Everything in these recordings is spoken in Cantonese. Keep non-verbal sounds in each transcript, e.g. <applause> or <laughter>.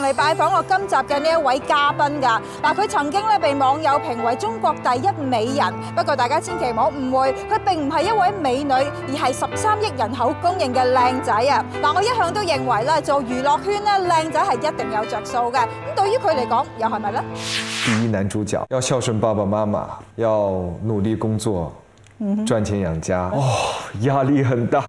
嚟拜訪我今集嘅呢一位嘉賓噶，嗱佢曾經咧被網友評為中國第一美人，不過大家千祈唔好誤會，佢並唔係一位美女，而係十三億人口公認嘅靚仔啊！嗱，我一向都認為咧，做娛樂圈咧靚仔係一定有着數嘅，咁對於佢嚟講又係咪呢？第一男主角要孝順爸爸媽媽，要努力工作，賺錢養家，哦，壓力很大。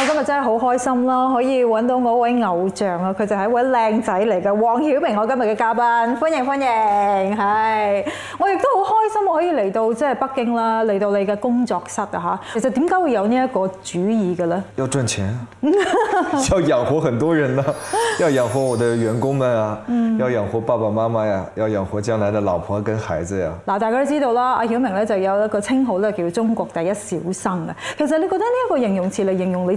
我今日真係好開心咯，可以揾到我嗰位偶像啊！佢就係一位靚仔嚟嘅黃曉明，我今日嘅嘉賓，歡迎歡迎！係，我亦都好開心我可以嚟到即係北京啦，嚟到你嘅工作室啊嚇。其實點解會有呢一個主意嘅咧？要賺錢，要養活很多人啊！ <laughs> 要養活我的員工們啊！ <laughs> 要養活爸爸媽媽呀！要養活將來的老婆跟孩子呀！嗱、嗯，大家都知道啦，阿曉明咧就有一個稱號咧叫中國第一小生啊。其實你覺得呢一個形容詞嚟形容你？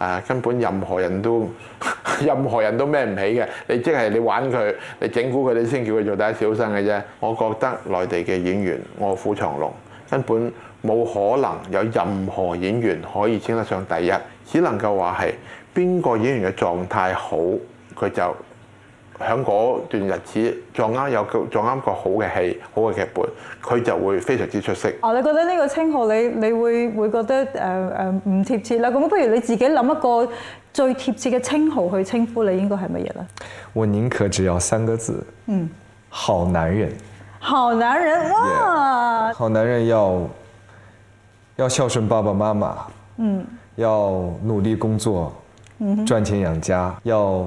啊，根本任何人都呵呵任何人都孭唔起嘅，你即係你玩佢，你整蠱佢，你先叫佢做第一小生嘅啫。我覺得內地嘅演員臥虎藏龍，根本冇可能有任何演員可以稱得上第一，只能夠話係邊個演員嘅狀態好，佢就，喺嗰段日子撞啱有個撞啱個，個好嘅戲、好嘅劇本，佢就會非常之出色。哦，你覺得呢個稱號你你會會覺得誒誒唔貼切啦？咁不如你自己諗一個最貼切嘅稱號去稱呼你，應該係乜嘢咧？我寧可只要三個字。嗯。好男人。好男人哇！好男人要要孝順爸爸媽媽。嗯。要努力工作，嗯，賺錢養家，要。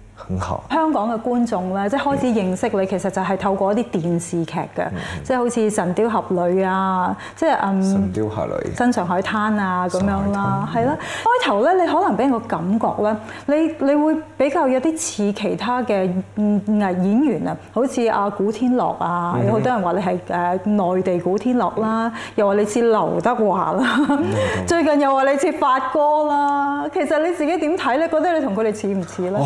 香港嘅觀眾咧，即係開始認識你，嗯、其實就係透過一啲電視劇嘅、嗯嗯，即係好似《神雕俠侶》啊，即係嗯，《神雕俠侶》、《新上海灘》啊、上海灘啊咁樣啦，係、嗯、啦。開頭咧，你可能俾人個感覺咧，你你會比較有啲似其他嘅藝演員啊，好似阿古天樂啊，嗯、有好多人話你係誒內地古天樂啦、嗯，又話你似劉德華啦、嗯嗯，最近又話你似發哥啦。其實你自己點睇咧？你覺得你同佢哋似唔似咧？哦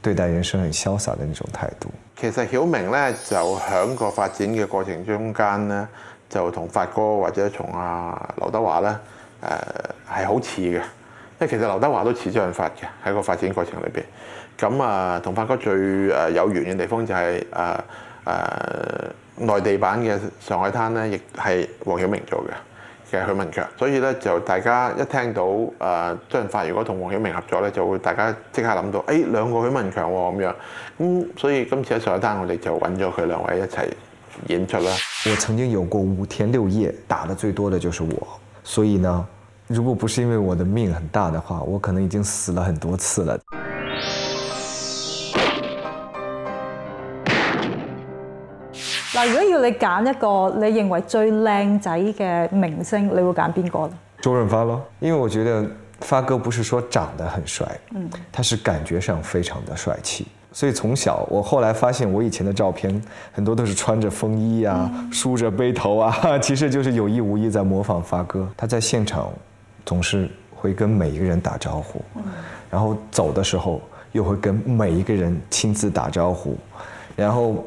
對待人生很瀟灑的那種態度。其實曉明呢，就喺個發展嘅過程中間呢，就同發哥或者從阿、啊、劉德華呢誒係好似嘅。因為其實劉德華都似張潤發嘅喺個發展過程裏邊。咁啊，同發哥最誒有緣嘅地方就係誒誒內地版嘅《上海灘》呢，亦係黃曉明做嘅嘅許文強，所以咧就大家一聽到誒、呃、周潤發如果同黃曉明合作咧，就會大家即刻諗到，哎兩個許文強喎、哦、咁樣，咁所以今次喺上一單我哋就揾咗佢兩位一齊演出啦。我曾經有過五天六夜打得最多的就是我，所以呢，如果不是因為我的命很大的話，我可能已經死了很多次了。如果要你揀一個，你認為最靚仔的明星，你會揀邊個咧？周潤發咯，因為我覺得發哥不是說長得很帥，嗯，他是感覺上非常的帥氣。所以從小我後來發現，我以前的照片很多都是穿着風衣啊、嗯、梳着背頭啊，其實就是有意無意在模仿發哥。他在現場總是會跟每一個人打招呼，嗯，然後走的時候又會跟每一個人親自打招呼，然後……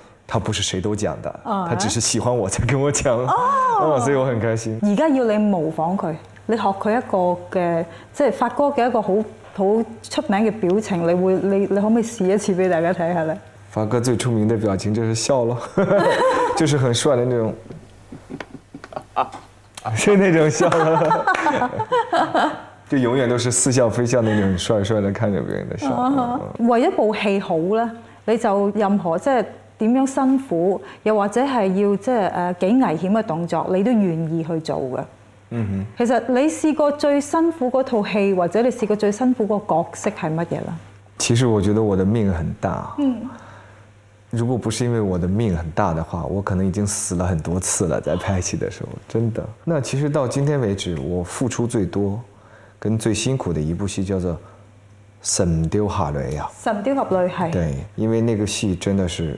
他不是誰都講的，uh -huh. 他只是喜歡我才跟我講，uh -huh. <laughs> 所以我很開心。而家要你模仿佢，你學佢一個嘅，即係發哥嘅一個好好出名嘅表情，你會你你可唔可以試一次俾大家睇下呢？發哥最出名嘅表情就是笑咯， <laughs> 就是很帥嘅那種， <laughs> 是那種笑， <laughs> 就永遠都是似笑非笑那種，帥帥的看着別人嘅笑。Uh -huh. 為一部戲好呢，你就任何即係。點樣辛苦，又或者係要即係誒幾危險嘅動作，你都願意去做嘅。嗯哼。其實你試過最辛苦嗰套戲，或者你試過最辛苦個角色係乜嘢呢？其實我覺得我的命很大。嗯。如果不是因為我的命很大的話，我可能已經死了很多次了，在拍戲的時候，真的。那其實到今天為止，我付出最多跟最辛苦的一部戲叫做《神雕俠侶》。神雕俠侶係。對，因為那個戲真的是。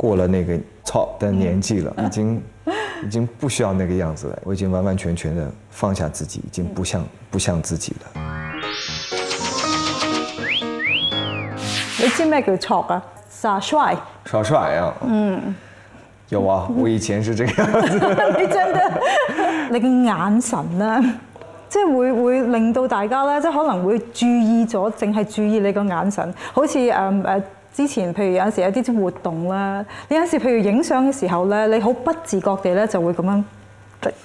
過了那個 chok 的年紀了，嗯，已經 <laughs> 已經不需要那個樣子了。我已經完完全全的放下自己，已經不像、嗯、不像自己了。你知咩叫 chok <laughs> 啊？耍帥，耍帥呀！嗯，有啊，我以前是這個樣子。 <laughs> 你真的， <laughs> 你嘅眼神咧，啊，即係會會令到大家咧，即係可能會注意咗，淨係注意你個眼神，好似誒誒。Um, uh, 之前，譬如有時有啲啲活動啦，你有時譬如影相嘅時候咧，你好不自覺地咧就會咁樣，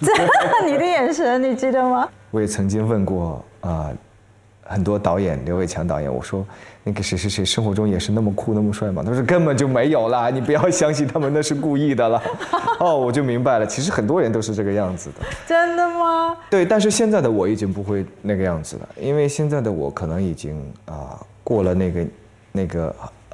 <laughs> 你的眼神你知道嗎？我也曾經問過啊、呃，很多導演，劉偉強導演，我說：「那個誰誰誰生活中也是那麼酷、那麼帥嘛。」他說根本就沒有啦，你不要相信他們，那是故意的啦。 <laughs> 哦，我就明白了，其實很多人都是這個樣子的。真的嗎？對，但是現在的我已經不會那個樣子了，因為現在的我可能已經啊、呃、過了那個那個。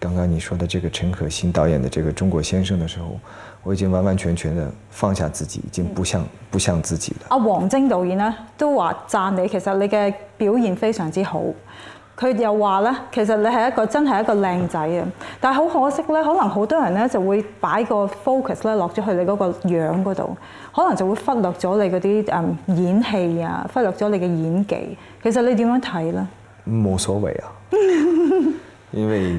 剛剛你說的這個陳可辛導演的這個《中國先生》的時候，我已經完完全全的放下自己，已經不像不像自己了。阿王晶導演呢都話讚你，其實你嘅表現非常之好。佢又話呢，其實你係一個真係一個靚仔啊、嗯！但係好可惜呢，可能好多人呢就會擺個 focus 呢落咗去你嗰個樣嗰度，可能就會忽略咗你嗰啲、嗯、演戲啊，忽略咗你嘅演技。其實你點樣睇呢？冇所謂啊， <laughs> 因為。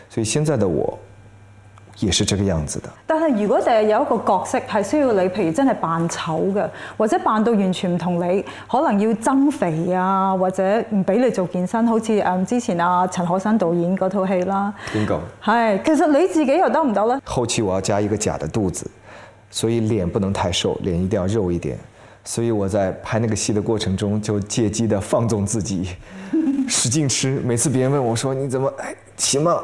所以現在的我，也是這個樣子的。但係如果淨係有一個角色係需要你，譬如真係扮醜嘅，或者扮到完全唔同你，可能要增肥啊，或者唔俾你做健身，好似、嗯、之前阿、啊、陳可辛導演嗰套戲啦。邊個？係，其實你自己又得唔得呢？後期我要加一個假的肚子，所以臉不能太瘦，臉一定要肉一點。所以我在拍那個戲的過程中，就借機的放縱自己， <laughs> 使勁吃。每次別人問我：我說你怎麼？哎行嗎？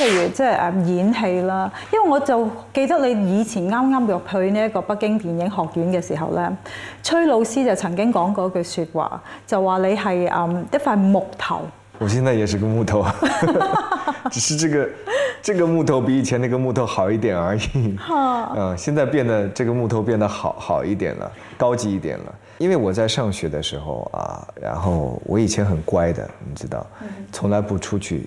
譬如即係誒演戲啦，因為我就記得你以前啱啱入去呢一個北京電影學院嘅時候咧，崔老師就曾經講過一句說話，就話你係誒一塊木頭。我現在也是個木頭， <laughs> 只是這個這個木頭比以前那個木頭好一點而已。嗯， <laughs> 現在變得這個木頭變得好好一點了，高級一點了。因為我在上學的時候啊，然後我以前很乖的，你知道，從來不出去。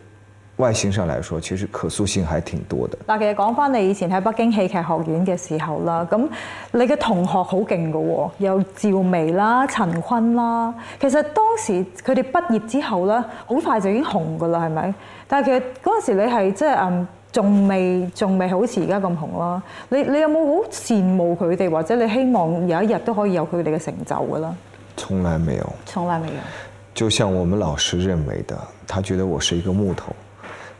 外形上來說，其實可塑性還挺多的。但其實講返你以前喺北京戲劇學院嘅時候啦，咁你嘅同學好勁㗎喎，有趙薇啦、陳坤啦。其實當時佢哋畢業之後咧，好快就已經紅㗎喇，係咪？但係其實嗰陣時你係即係嗯，仲未仲未好似而家咁紅啦。你你有冇好羨慕佢哋，或者你希望有一日都可以有佢哋嘅成就㗎啦？從來沒有，從來沒有。就像我們老師認為的，他覺得我是一個木頭。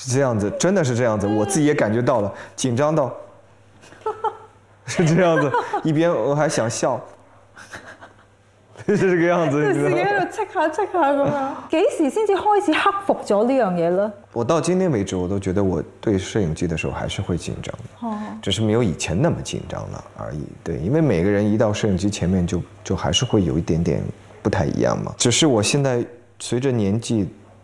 是這樣子，真的是這樣子、嗯，我自己也感覺到了，緊張到， <laughs> 是這樣子，一邊我還想笑， <laughs> <laughs> 就是這個樣子。自己在那嘁下嘁下，咁樣，幾時先至開始克服咗呢樣嘢呢？我到今天為止，我都覺得我對攝影機的時候還是會緊張的， <laughs> 只是沒有以前那麼緊張了而已。對，因為每個人一到攝影機前面就，就就還是會有一點點不太一樣嘛。只是我現在隨着年紀。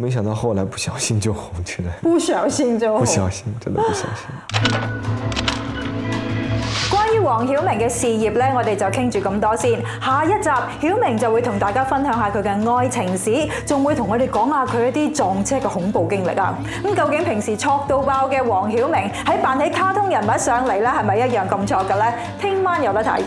沒想到後來不小心就紅起來，不小心就，不小心，真的不小心。 <laughs> 關於黃曉明嘅事業咧，我哋就傾住咁多先。下一集，曉明就會同大家分享下佢嘅愛情史，仲會同我哋講下佢一啲撞車嘅恐怖經歷啊！咁究竟平時索到爆嘅黃曉明，喺扮起卡通人物上嚟咧，係咪一樣咁索嘅咧？聽晚有得睇。